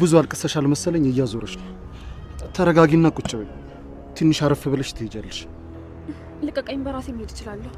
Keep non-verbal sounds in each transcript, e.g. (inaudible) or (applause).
ብዙ አልቅሰሻል መሰለኝ እያዞረች ነው። ተረጋጊና ቁጭ በይ። ትንሽ አረፍ ብለሽ ትሄጃለሽ። ልቀቀኝ፣ በራሴ መሄድ እችላለሁ።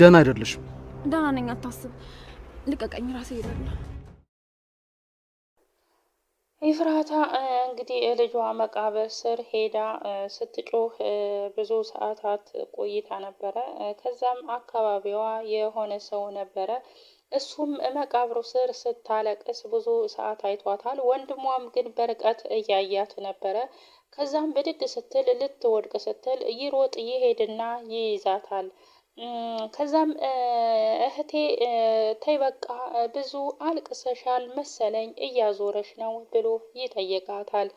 ደህና አይደለሽም። ደህና ነኝ፣ አታስብ። ልቀቀኝ፣ ራሴ እሄዳለሁ። ኤፍራታ እንግዲህ ልጇ መቃብር ስር ሄዳ ስትጮህ ብዙ ሰዓታት ቆይታ ነበረ። ከዛም አካባቢዋ የሆነ ሰው ነበረ እሱም መቃብሩ ስር ስታለቅስ ብዙ ሰዓት አይቷታል። ወንድሟም ግን በርቀት እያያት ነበረ። ከዛም ብድግ ስትል ልትወድቅ ስትል ይሮጥ ይሄድና ይይዛታል። ከዛም እህቴ ተይ በቃ ብዙ አልቅሰሻል መሰለኝ እያዞረሽ ነው ብሎ ይጠይቃታል።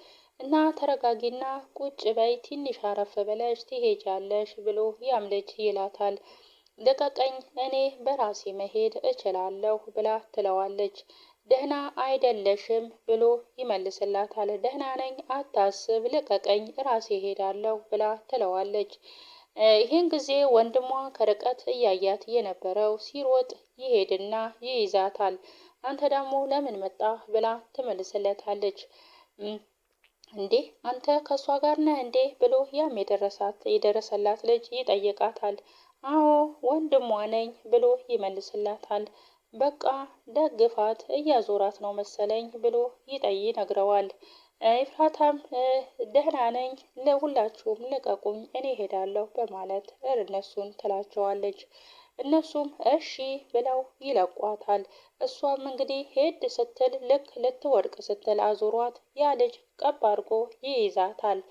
እና ተረጋጊና ቁጭ በይ ትንሽ አረፍ ብለሽ ትሄጃለሽ ብሎ ያም ልጅ ይላታል። ልቀቀኝ፣ እኔ በራሴ መሄድ እችላለሁ ብላ ትለዋለች። ደህና አይደለሽም ብሎ ይመልስላታል። ደህና ነኝ፣ አታስብ፣ ልቀቀኝ፣ ራሴ ሄዳለሁ ብላ ትለዋለች። ይህን ጊዜ ወንድሟ ከርቀት እያያት የነበረው ሲሮጥ ይሄድና ይይዛታል። አንተ ደግሞ ለምን መጣ ብላ ትመልስለታለች። እንዴ አንተ ከእሷ ጋር ነህ እንዴ ብሎ ያም የደረሰላት ልጅ ይጠይቃታል። አዎ ወንድሟ ነኝ ብሎ ይመልስላታል። በቃ ደግፋት እያዞራት ነው መሰለኝ ብሎ ይጠይ ይነግረዋል። ኤፍራታም ደህና ነኝ ለሁላችሁም ልቀቁኝ እኔ ሄዳለሁ በማለት እነሱን ትላቸዋለች። እነሱም እሺ ብለው ይለቋታል። እሷም እንግዲህ ሄድ ስትል ልክ ልትወድቅ ስትል አዙሯት ያ ልጅ ቀብ አድርጎ ይይዛታል።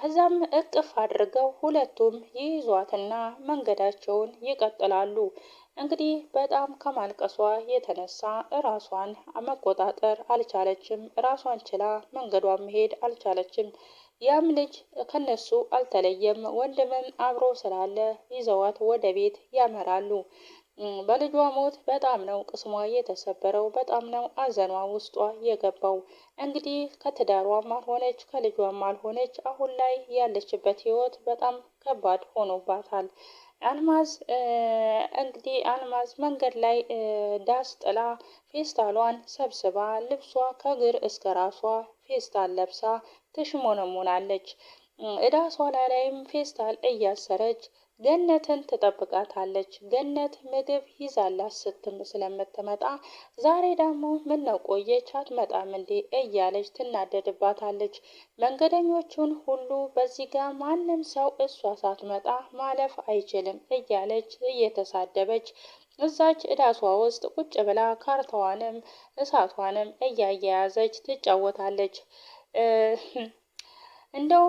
ከዛም እቅፍ አድርገው ሁለቱም ይይዟትና መንገዳቸውን ይቀጥላሉ። እንግዲህ በጣም ከማልቀሷ የተነሳ ራሷን መቆጣጠር አልቻለችም። እራሷን ችላ መንገዷን መሄድ አልቻለችም። ያም ልጅ ከነሱ አልተለየም። ወንድምም አብሮ ስላለ ይዘዋት ወደ ቤት ያመራሉ። በልጇ ሞት በጣም ነው ቅስሟ የተሰበረው፣ በጣም ነው አዘኗ ውስጧ የገባው። እንግዲህ ከትዳሯም አልሆነች ከልጇም አልሆነች፣ አሁን ላይ ያለችበት ህይወት በጣም ከባድ ሆኖባታል። አልማዝ እንግዲህ አልማዝ መንገድ ላይ ዳስ ጥላ ፌስታሏን ሰብስባ ልብሷ ከእግር እስከ ራሷ ፌስታል ለብሳ ትሽሞነሙናለች። እዳሷ ላይም ፌስታል እያሰረች ገነትን ትጠብቃታለች። ገነት ምግብ ይዛላት ስትም ስለምትመጣ ዛሬ ደግሞ ምነው ቆየች አትመጣም እንዴ እያለች ትናደድባታለች። መንገደኞቹን ሁሉ በዚህ ጋር ማንም ሰው እሷ ሳትመጣ ማለፍ አይችልም እያለች እየተሳደበች እዛች እዳሷ ውስጥ ቁጭ ብላ ካርታዋንም እሳቷንም እያያያዘች ትጫወታለች። እንደው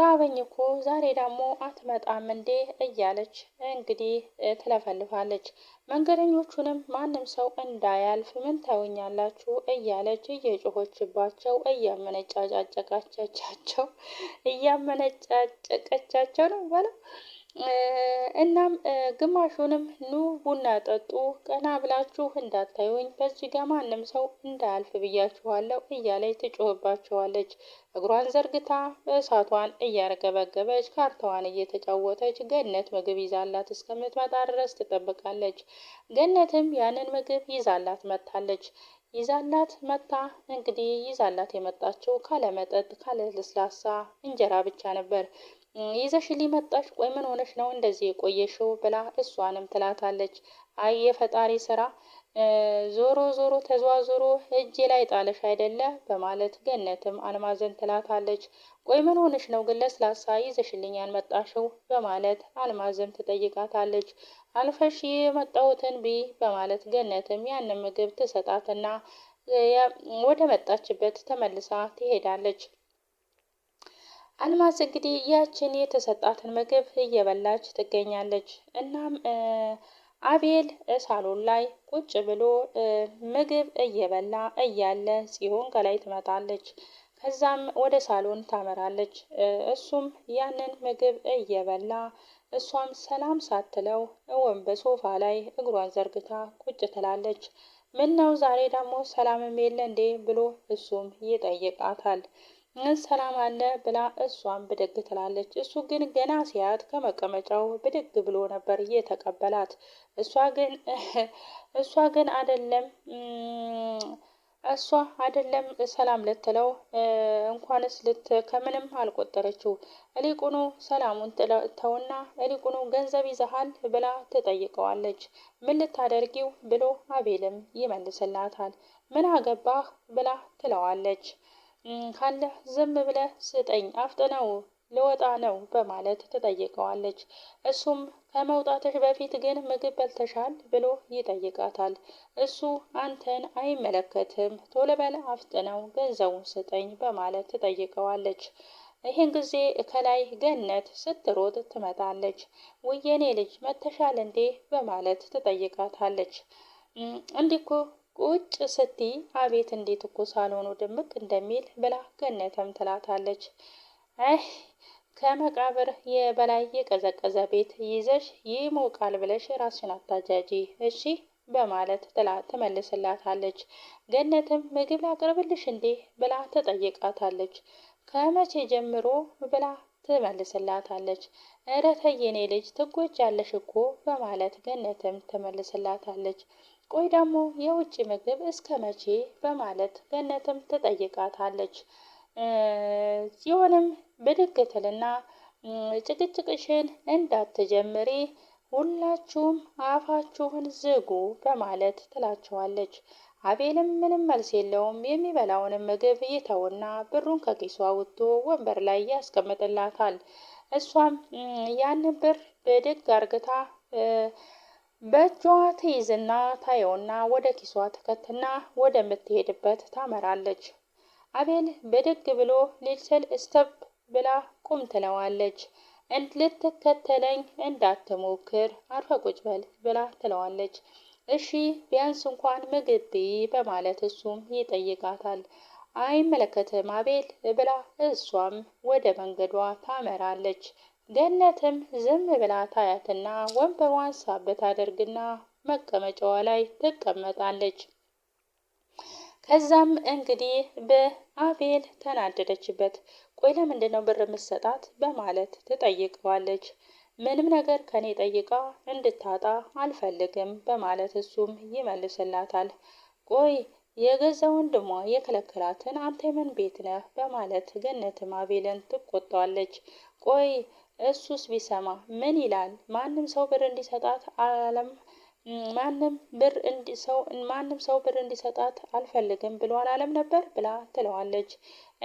ራበኝ እኮ ዛሬ ደግሞ አትመጣም እንዴ እያለች እንግዲህ ትለፈልፋለች። መንገደኞቹንም ማንም ሰው እንዳያልፍ ምን ታዩኛላችሁ እያለች እየጮሆችባቸው እያመነጫጫቀቻቸው እያመነጫጨቀቻቸው ነው በለው እናም ግማሹንም ኑ ቡና ጠጡ፣ ቀና ብላችሁ እንዳታዩኝ፣ በዚህ ጋ ማንም ሰው እንዳያልፍ ብያችኋለሁ እያለች ትጮህባችኋለች። እግሯን ዘርግታ እሳቷን እያረገበገበች ካርታዋን እየተጫወተች ገነት ምግብ ይዛላት እስከምትመጣ ድረስ ትጠብቃለች። ገነትም ያንን ምግብ ይዛላት መጥታለች። ይዛላት መታ እንግዲህ ይዛላት የመጣችው ካለ መጠጥ ካለ ለስላሳ እንጀራ ብቻ ነበር። ይዘሽ ሊመጣሽ ቆይ ምን ሆነሽ ነው እንደዚህ የቆየሽው? ብላ እሷንም ትላታለች። አይ የፈጣሪ ስራ ዞሮ ዞሮ ተዟዞሮ እጄ ላይ ጣለሽ አይደለ? በማለት ገነትም አልማዝን ትላታለች። ቆይ ምን ሆነሽ ነው ግን ለስላሳ ይዘሽልኝ ያልመጣሽው? በማለት አልማዝም ትጠይቃታለች። አልፈሽ የመጣሁትን ቢ በማለት ገነትም ያንን ምግብ ትሰጣትና ወደ መጣችበት ተመልሳ ትሄዳለች። አልማዝ እንግዲህ ያችን የተሰጣትን ምግብ እየበላች ትገኛለች። እናም አቤል ሳሎን ላይ ቁጭ ብሎ ምግብ እየበላ እያለ ጽዮን ከላይ ትመጣለች። ከዛም ወደ ሳሎን ታመራለች። እሱም ያንን ምግብ እየበላ እሷም ሰላም ሳትለው እወን በሶፋ ላይ እግሯን ዘርግታ ቁጭ ትላለች። ምን ነው ዛሬ ደግሞ ሰላምም የለ እንዴ ብሎ እሱም ይጠይቃታል። ምን ሰላም አለ ብላ እሷን ብድግ ትላለች። እሱ ግን ገና ሲያት ከመቀመጫው ብድግ ብሎ ነበር እየተቀበላት። (laughs) እሷ ግን አይደለም እሷ አይደለም ሰላም ልትለው እንኳንስ ልት ከምንም አልቆጠረችው። እሊቁኑ ሰላሙን ተውና እሊቁኑ ገንዘብ ይዘሃል ብላ ትጠይቀዋለች። ምን ልታደርጊው ብሎ አቤልም ይመልስላታል። ምን አገባህ ብላ ትለዋለች። ካለህ ዝም ብለህ ስጠኝ፣ አፍጥነው ልወጣ ነው በማለት ትጠይቀዋለች። እሱም ከመውጣትሽ በፊት ግን ምግብ በልተሻል ብሎ ይጠይቃታል። እሱ አንተን አይመለከትም፣ ቶሎ በል አፍጥነው ገንዘቡን ስጠኝ በማለት ትጠይቀዋለች። ይህን ጊዜ ከላይ ገነት ስትሮጥ ትመጣለች። ውየኔ ልጅ መተሻል እንዴ በማለት ትጠይቃታለች። እንዲህ ቁጭ ስቲ አቤት እንዴት እኮ ሳልሆኑ ድምቅ እንደሚል ብላ ገነተም ትላታለች። አህ ከመቃብር የበላይ የቀዘቀዘ ቤት ይዘሽ ይሞቃል ብለሽ ራስሽን አታጃጂ እሺ በማለት ትላ ትመልስላታለች። ገነትም ምግብ ላቅርብልሽ እንዴ ብላ ትጠይቃታለች። ከመቼ ጀምሮ ብላ ትመልስላታለች። እረ ተይ የኔ ልጅ ትጎጃለሽ እኮ በማለት ገነትም ትመልስላታለች። ቆይ ደግሞ የውጭ ምግብ እስከ መቼ በማለት ገነትም ትጠይቃታለች። ሲሆንም ብድግ ትልና ጭቅጭቅሽን እንዳትጀምሪ ሁላችሁም አፋችሁን ዝጉ በማለት ትላቸዋለች። አቤልም ምንም መልስ የለውም። የሚበላውንም ምግብ ይተውና ብሩን ከኪሱ አውጥቶ ወንበር ላይ ያስቀምጥላታል። እሷም ያንን ብር ብድግ አርግታ በእጇ ትይዝና ታየውና ወደ ኪሷ ትከትና ወደምትሄድበት ታመራለች። አቤል ብድግ ብሎ ሊልስል እስተብ ብላ ቁም ትለዋለች። ልትከተለኝ እንዳትሞክር አርፈ ቁጭ በል ብላ ትለዋለች። እሺ ቢያንስ እንኳን ምግብ ብይ በማለት እሱም ይጠይቃታል። አይመለከትም አቤል ብላ እሷም ወደ መንገዷ ታመራለች። ገነትም ዝም ብላ ታያትና ወንበሯን ሳብት አደርግና መቀመጫዋ ላይ ትቀመጣለች። ከዛም እንግዲህ በአቤል ተናደደችበት። ቆይ ለምንድን ነው ብር የምትሰጣት በማለት ትጠይቀዋለች። ምንም ነገር ከኔ ጠይቃ እንድታጣ አልፈልግም በማለት እሱም ይመልስላታል። ቆይ የገዛ ወንድሟ የከለከላትን አንተ ምን ቤት ነህ በማለት ገነትም አቤልን ትቆጣዋለች። ቆይ እሱስ ቢሰማ ምን ይላል? ማንም ሰው ብር እንዲሰጣት አላለም። ማንም ብር ሰው ማንም ሰው ብር እንዲሰጣት አልፈልግም ብሎ አላለም ነበር ብላ ትለዋለች።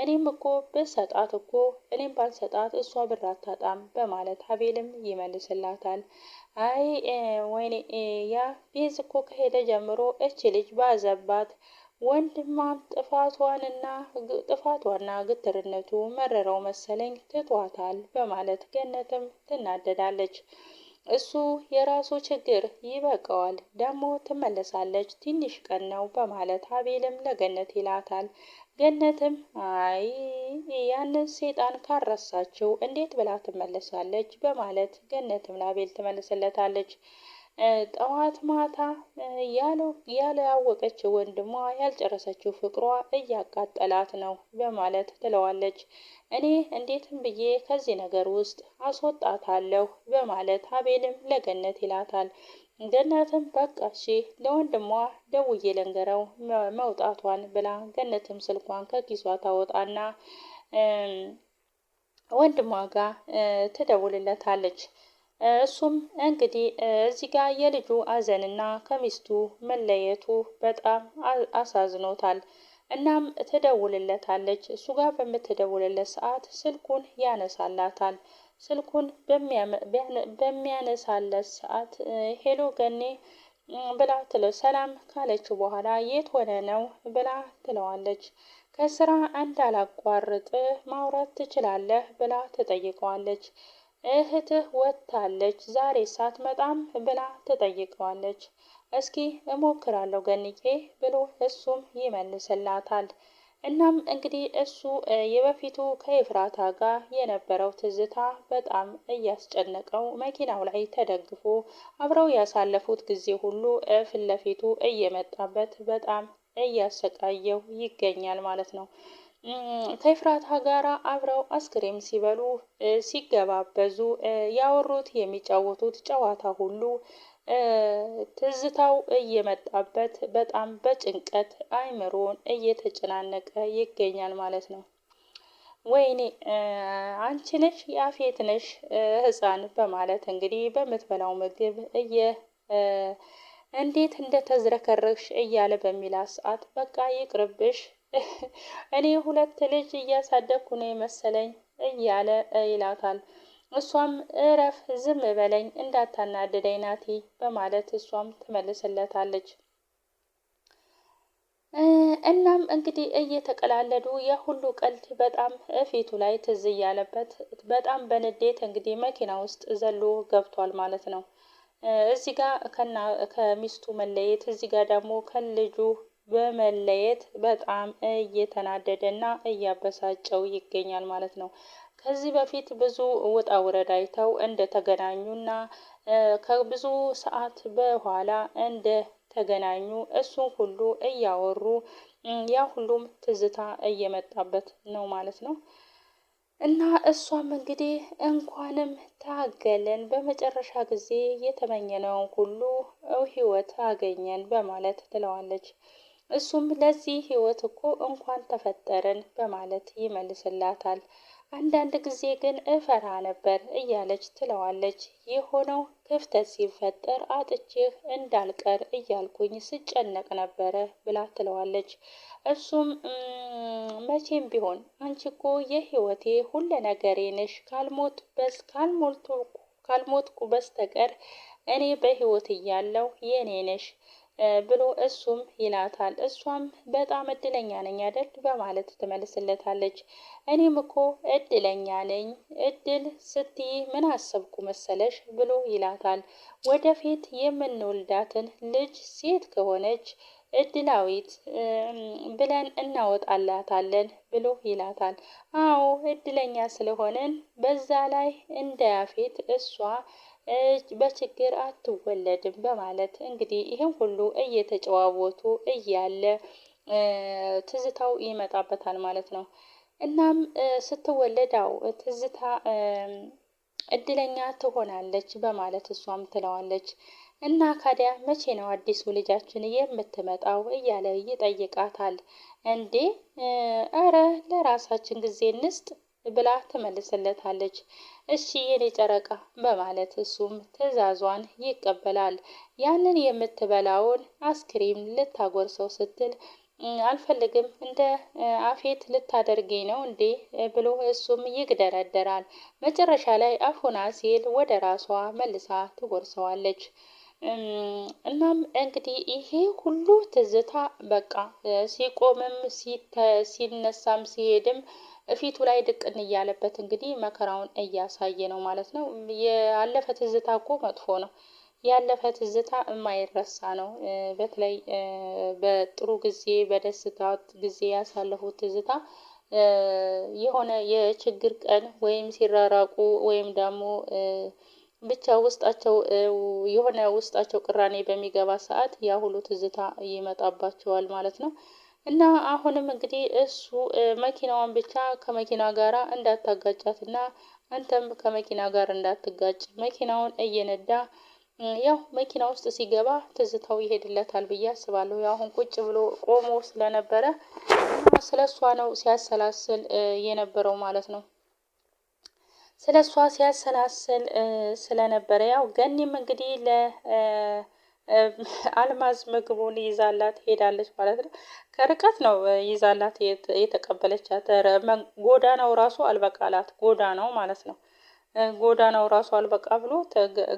እኔም እኮ ብሰጣት እኮ እኔም ባልሰጣት እሷ ብር አታጣም በማለት አቤልም ይመልስላታል። አይ ወይኔ ያ ቤዝ እኮ ከሄደ ጀምሮ እች ልጅ ባዘባት ወንድሟም ጥፋቷንና ጥፋቷና ግትርነቱ መረረው መሰለኝ ትቷታል በማለት ገነትም ትናደዳለች። እሱ የራሱ ችግር ይበቃዋል፣ ደግሞ ትመለሳለች፣ ትንሽ ቀን ነው በማለት አቤልም ለገነት ይላታል። ገነትም አይ ያንን ሴጣን ካረሳችው እንዴት ብላ ትመለሳለች በማለት ገነትም ለአቤል ትመልስለታለች። ጠዋት ማታ ያለ ያወቀችው ወንድሟ ያልጨረሰችው ፍቅሯ እያቃጠላት ነው በማለት ትለዋለች። እኔ እንዴትም ብዬ ከዚህ ነገር ውስጥ አስወጣታለሁ በማለት አቤልም ለገነት ይላታል። ገነትም በቃ እሺ ለወንድሟ ደውዬ ልንገረው መውጣቷን ብላ ገነትም ስልኳን ከኪሷ ታወጣና ወንድሟ ጋር ትደውልለታለች። እሱም እንግዲህ እዚህ ጋር የልጁ አዘንና ከሚስቱ መለየቱ በጣም አሳዝኖታል። እናም ትደውልለታለች። እሱ ጋር በምትደውልለት ሰዓት ስልኩን ያነሳላታል። ስልኩን በሚያነሳለት ሰዓት ሄሎ ገኔ ብላ ትለው ሰላም ካለች በኋላ የት ሆነ ነው ብላ ትለዋለች። ከስራ እንዳላቋርጥ ማውራት ትችላለህ ብላ ትጠይቀዋለች። እህትህ ወጥታለች ዛሬ ሳትመጣም ብላ ትጠይቀዋለች። እስኪ እሞክራለሁ ገንዬ ብሎ እሱም ይመልስላታል። እናም እንግዲህ እሱ የበፊቱ ከኤፍራታ ጋር የነበረው ትዝታ በጣም እያስጨነቀው መኪናው ላይ ተደግፎ አብረው ያሳለፉት ጊዜ ሁሉ ፊት ለፊቱ እየመጣበት በጣም እያሰቃየው ይገኛል ማለት ነው። ከኤፍራታ ጋር አብረው አስክሬም ሲበሉ ሲገባበዙ ያወሩት የሚጫወቱት ጨዋታ ሁሉ ትዝታው እየመጣበት በጣም በጭንቀት አይምሮን እየተጨናነቀ ይገኛል ማለት ነው። ወይኔ አንቺ ነሽ የአፌት ነሽ ህፃን በማለት እንግዲህ በምትበላው ምግብ እየ እንዴት እንደተዝረከረክሽ እያለ በሚላ ሰዓት በቃ ይቅርብሽ (laughs) እኔ ሁለት ልጅ እያሳደግኩ ነው የመሰለኝ እያለ ይላታል። እሷም እረፍ፣ ዝም በለኝ፣ እንዳታናድደኝ ናቲ በማለት እሷም ትመልስለታለች። እናም እንግዲህ እየተቀላለዱ የሁሉ ቀልድ በጣም እፊቱ ላይ ትዝ እያለበት በጣም በንዴት እንግዲህ መኪና ውስጥ ዘሎ ገብቷል ማለት ነው። እዚህ ጋር ከሚስቱ መለየት፣ እዚህ ጋር ደግሞ ከልጁ በመለየት በጣም እና እያበሳጨው ይገኛል ማለት ነው። ከዚህ በፊት ብዙ ውጣ ውረድ አይተው እንደተገናኙና ከብዙ ሰዓት በኋላ እንደተገናኙ እሱን ሁሉ እያወሩ ያ ሁሉም ትዝታ እየመጣበት ነው ማለት ነው። እና እሷም እንግዲህ እንኳንም ታገለን በመጨረሻ ጊዜ የተመኘነውን ሁሉ ህይወት አገኘን በማለት ትለዋለች። እሱም ለዚህ ህይወት እኮ እንኳን ተፈጠርን በማለት ይመልስላታል። አንዳንድ ጊዜ ግን እፈራ ነበር እያለች ትለዋለች። የሆነው ክፍተት ሲፈጠር አጥቼህ እንዳልቀር እያልኩኝ ስጨነቅ ነበረ ብላ ትለዋለች። እሱም መቼም ቢሆን አንቺ እኮ የህይወቴ ሁለ ነገሬ ነሽ፣ ካልሞት በስ ካልሞልቱ ካልሞትኩ በስተቀር እኔ በህይወት እያለው የኔ ነሽ ብሎ እሱም ይላታል። እሷም በጣም እድለኛ ነኝ አይደል በማለት ትመልስለታለች። እኔም እኮ እድለኛ ነኝ እድል ስትይ ምን አሰብኩ መሰለሽ ብሎ ይላታል። ወደፊት የምንወልዳትን ልጅ ሴት ከሆነች እድላዊት ብለን እናወጣላታለን ብሎ ይላታል። አዎ እድለኛ ስለሆነን በዛ ላይ እንዳያፌት እሷ በችግር አትወለድም በማለት እንግዲህ ይህን ሁሉ እየተጨዋወቱ እያለ ትዝታው ይመጣበታል ማለት ነው። እናም ስትወለዳው ትዝታ እድለኛ ትሆናለች በማለት እሷም ትለዋለች። እና ካዲያ መቼ ነው አዲሱ ልጃችን የምትመጣው እያለ ይጠይቃታል። እንዴ ኧረ ለራሳችን ጊዜ እንስጥ ብላ ትመልስለታለች። እሺ የኔ ጨረቃ በማለት እሱም ትዕዛዟን ይቀበላል። ያንን የምትበላውን አስክሪም ልታጎርሰው ስትል አልፈልግም እንደ አፌት ልታደርገኝ ነው እንዴ ብሎ እሱም ይግደረደራል። መጨረሻ ላይ አፉና ሲል ወደ ራሷ መልሳ ትጎርሰዋለች። እናም እንግዲህ ይሄ ሁሉ ትዝታ በቃ ሲቆምም ሲነሳም ሲሄድም ፊቱ ላይ ድቅን እያለበት እንግዲህ መከራውን እያሳየ ነው ማለት ነው። ያለፈ ትዝታ እኮ መጥፎ ነው። ያለፈ ትዝታ የማይረሳ ነው። በተለይ በጥሩ ጊዜ በደስታ ጊዜ ያሳለፉት ትዝታ የሆነ የችግር ቀን ወይም ሲራራቁ ወይም ደግሞ ብቻ ውስጣቸው የሆነ ውስጣቸው ቅራኔ በሚገባ ሰዓት ያ ሁሉ ትዝታ ይመጣባቸዋል ማለት ነው። እና አሁንም እንግዲህ እሱ መኪናዋን ብቻ ከመኪና ጋር እንዳታጋጫት እና አንተም ከመኪና ጋር እንዳትጋጭ መኪናውን እየነዳ ያው መኪና ውስጥ ሲገባ ትዝታው ይሄድለታል ብዬ አስባለሁ። አሁን ቁጭ ብሎ ቆሞ ስለነበረ ስለ እሷ ነው ሲያሰላስል የነበረው ማለት ነው። ስለ እሷ ሲያሰላስል ስለነበረ ያው ገኒም እንግዲህ ለ አልማዝ ምግቡን ይዛላት ሄዳለች ማለት ነው። ከርቀት ነው ይዛላት የተቀበለቻት። ጎዳናው ራሱ አልበቃላት ጎዳናው ማለት ነው። ጎዳናው ራሱ አልበቃ ብሎ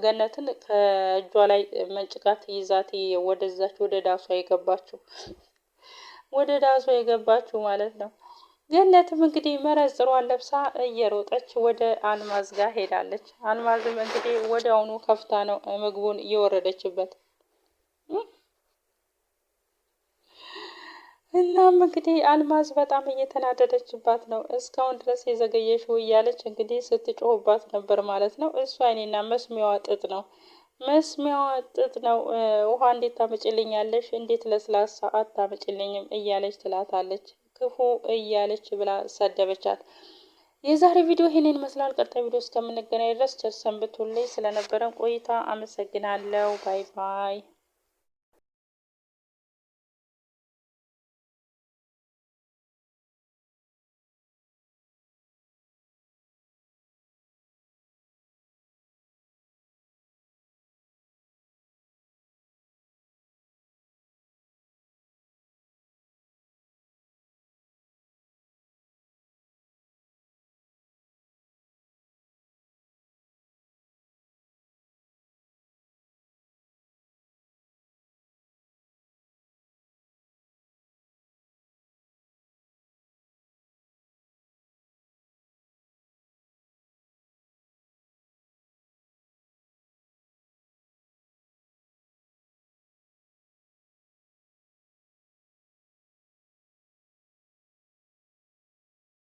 ገነትን ከእጇ ላይ መንጭቃት ይዛት ወደዛች ወደ ዳሷ የገባችው ወደ ዳሷ የገባችው ማለት ነው። ገነትም እንግዲህ መረጽሯን ለብሳ እየሮጠች ወደ አልማዝ ጋር ሄዳለች። አልማዝም እንግዲህ ወዲያውኑ ከፍታ ነው ምግቡን እየወረደችበት እናም እንግዲህ አልማዝ በጣም እየተናደደችባት ነው። እስካሁን ድረስ የዘገየሽው እያለች እንግዲህ ስትጮሁባት ነበር ማለት ነው። እሱ አይኔና መስሚያዋ ጥጥ ነው መስሚያዋ ጥጥ ነው። ውሃ እንዴት ታመጭልኛለሽ? እንዴት ለስላሳ አታመጭልኝም? እያለች ትላታለች። ክፉ እያለች ብላ ሰደበቻት። የዛሬ ቪዲዮ ይህንን ይመስላል። ቀጣይ ቪዲዮ እስከምንገናኝ ድረስ ቸር ሰንብቱልኝ። ስለነበረን ቆይታ አመሰግናለሁ። ባይ ባይ